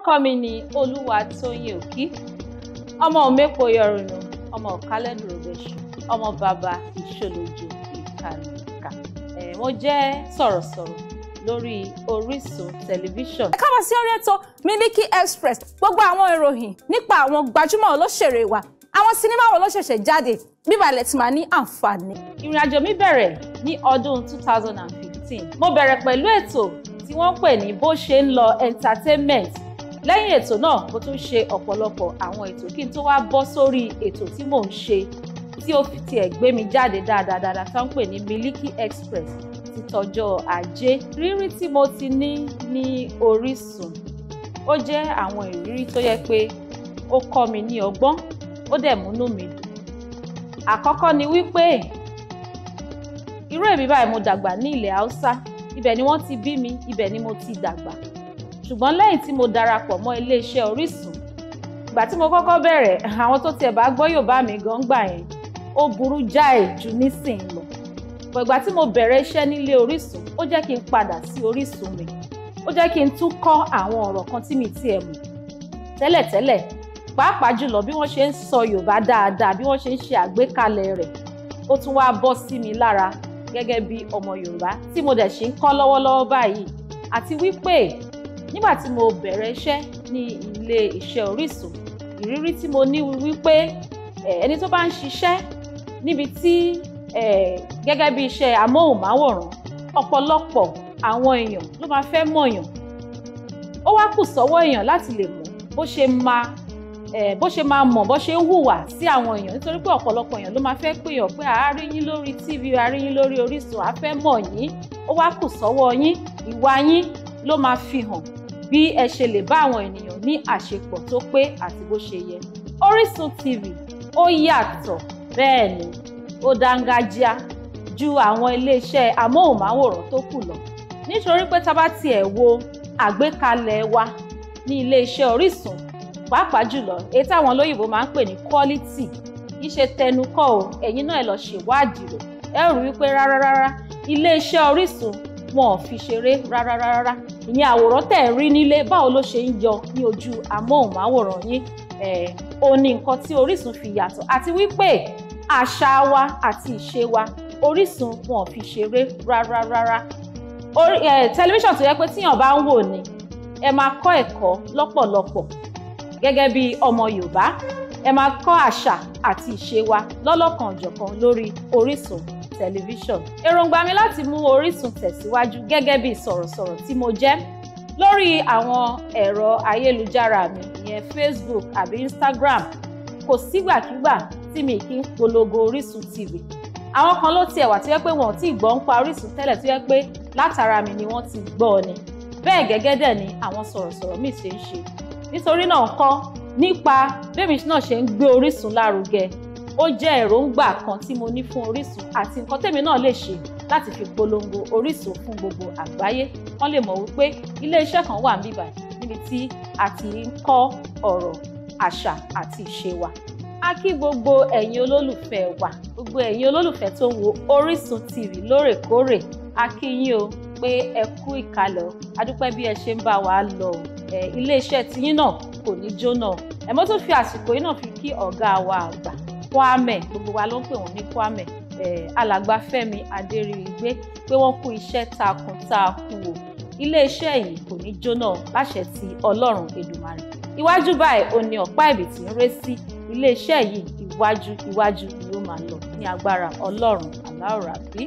orúkọ mi ni Olúwatóyìn Òkí ọmọ òmẹ́pọ̀ yọrùnù ọmọ ọ̀kálẹ́dù rògbèṣù ọmọ bàbá ìṣòlójú ìkàlùkà mo jẹ́ sọ̀rọ̀sọ̀rọ̀ lórí Orísun tẹlifíṣọ̀n. ẹ káàbọ̀ sí orí ètò Miliki Express gbogbo àwọn ìròyìn nípa àwọn gbajúmọ̀ olóṣèré wa àwọn sinimá wo ló ṣẹ̀ṣẹ̀ jáde bíbalẹ̀ tí máa ní àǹfààní. ìrìn àjò mi bẹ̀rẹ̀ ní ọdún 2015 mo bẹ̀rẹ̀ pẹ̀lú ètò tí wọ́n pè ní bó ṣe ń lọ entertainment lẹ́yìn ètò náà mo tún ṣe ọ̀pọ̀lọpọ̀ àwọn ètò kí n tó wá bọ́ sórí ètò tí mò ń ṣe tí ó fi tiẹ̀ gbé mi jáde dáadáa tó ń pè ní Miliki Express ti tọjọ́ ajé rírí tí mo ti ní ní Orísun ó jẹ́ àwọn ìrírí tó yẹ pé ó kọ́ mi ní ọgbọ́n ó dẹ̀ múnú mi dùn àkọ́kọ́ ni wípé irú èmi báyìí mo dàgbà ní ilẹ̀ Haúsá ibẹ̀ ni wọ́n ti bí mi ibẹ̀ ni mo ti dàgbà ṣùgbọ́n lẹ́yìn tí mo darapọ̀ mọ́ iléeṣẹ́ Orísun ìgbà tí mo kọ́kọ́ bẹ̀rẹ̀ àwọn tó tiẹ̀ bá gbọ́ Yorùbá mi gan gbà yẹn ó burú jáì ju nísìnyí lọ pọ̀ ìgbà tí mo bẹ̀rẹ̀ iṣẹ́ nílé Orísun ó jẹ́ kí n padà sí Orísun mi ó jẹ́ kí n tún kọ́ àwọn ọ̀rọ̀ kan tí mi tiẹ̀ mọ̀ tẹ́lẹ̀tẹ́lẹ̀ pàápàá jùlọ bí wọ́n ṣe ń sọ Yorùbá dáadáa bí wọ́n ṣe ń ṣe àgbékalẹ̀ rẹ̀ ó tún wá bọ́ sí mi lára gẹ́gẹ́ bí ọmọ Yorùbá tí mo dẹ̀ ṣe ń kọ́ lọ́wọ́lọ́wọ́ báyìí àti wípé nígbà tí mo bẹ̀rẹ̀ iṣẹ́ ní ilé iṣẹ́ Orísun ìrírí tí mo ní wípé ẹni tó bá ń ṣiṣẹ́ níbi tí gẹ́gẹ́ bí iṣẹ́ amóhùnmáwòrán ọ̀pọ̀lọpọ̀ àwọn èèyàn ló máa fẹ́ mọ̀yàn ó wá kù sọ́wọ́ èèyàn láti lè mọ̀ bó ṣe máa bó ṣe máa mọ̀ bó ṣe ń hùwà sí àwọn èèyàn nítorí pé ọ̀pọ̀lọpọ̀ èèyàn ló máa fẹ́ pèèyàn pé a rí yín lórí TV a rí yín lórí Orísun a fẹ́ mọ̀ yín ó wá kù sọ́wọ́ yín ìwà yín ló máa fi hàn bí ẹ ṣe lè bá àwọn ènìyàn ní àṣepọ̀ tó pé àti bó ṣe yẹ Orísun TV ó yàtọ̀ bẹ́ẹ̀ ni ó dáńgájíá ju àwọn iléeṣẹ́ amóhùnmáwòrán tó kù lọ nítorí pé tá a bá tiẹ̀ wo àgbékalẹ̀ wa ní iléeṣẹ́ Orísun pàápàá jùlọ èyí táwọn olóyìnbó máa ń pè ní quality ìṣe tẹnukọ o ẹ̀yin náà ẹ lọ ṣèwádìí rẹ̀ ẹ rò wípé rárá rárá iléeṣẹ́ Orísun wọn ò fi ṣeré rárá rárá ìyẹn àwòrán tẹ̀ ń rí nílé báwo ló ṣe ń yọ ní ojú amóhùnmáwòrán yín ó ní nǹkan tí Orísun fi yàtọ̀ àti wípé àṣà wa àti ìṣe wa Orísun wọn fi ṣeré rárá rárá tẹlifíṣàn tó yẹ pé tíyàn bá ń wò ni ẹ máa kọ́ ẹ̀kọ́ lọ́pọ̀lọpọ̀ gẹ́gẹ́ bí ọmọ Yorùbá ẹ máa kọ́ àṣà àti ìṣe wa lọ́lọ́kan ọ̀jọ̀kan lórí Orísun tẹlifíṣọ̀n èròǹgbà mi láti mú Orísun tẹ̀síwájú gẹ́gẹ́ bí sọ̀rọ̀sọ̀rọ̀ tí mo jẹ́ lórí àwọn ẹ̀rọ ayélujára mi ìyẹn Facebook àbí Instagram kò sígbàkigbà tí mi kì í polongo Orísun TV àwọn kan ló tiẹ̀ wà tí wọ́n pé wọn ò tí ì gbọ́ ń pa Orísun tẹ́lẹ̀ tí wọ́n pé látara mi ni wọ́n ti gbọ́ ọ ni bẹ́ẹ̀ gẹ́gẹ́ dẹ̀ ni àwọn sọ̀rọ̀sọ̀rọ̀ míì ṣe ń ṣe nítorí náà kọ́ nípa bẹ́ẹ̀mi náà ṣe ń gbé Orísun lárugẹ ó jẹ́ èròǹgbà kan tí mo ní fún Orísun àti nǹkan tèmi náà lè ṣe láti fi polongo Orísun fún gbogbo àgbáyé kán lè mọ̀ wípé iléeṣẹ́ kan wà níbà níbi tí a ti ń kọ́ ọ̀rọ̀ àṣà àti ìṣe wa a kí gbogbo ẹ̀yin olólùfẹ́ wa gbogbo ẹ̀yin olólùfẹ́ tó wo Orísun TV lóòrèkóòrè a kí yín o pé ẹ kú ìkàlẹ̀ o a dúpẹ́ bí ẹ ṣe ń bá wa lọ ilé iṣẹ́ tiyín náà kò ní jóná ẹ mọ́ tó fi àsìkò yìí náà fi kí ọ̀gá wa àgbà Kwame gbogbo wa ló ń pè wọ́n ní Kwame alàgbà Fẹ́mi pé wọ́n kú iṣẹ́ takuntakun o iléeṣẹ́ yìí kò ní jóná láṣẹ ti Ọlọ́run Èdùmàrè iwájú báyìí ó ní ọ̀pá ìbí tí ń ré sí iléeṣẹ́ yìí iwájú iwájú ni ó máa lọ ní agbára Ọlọ́run aláòrà bíi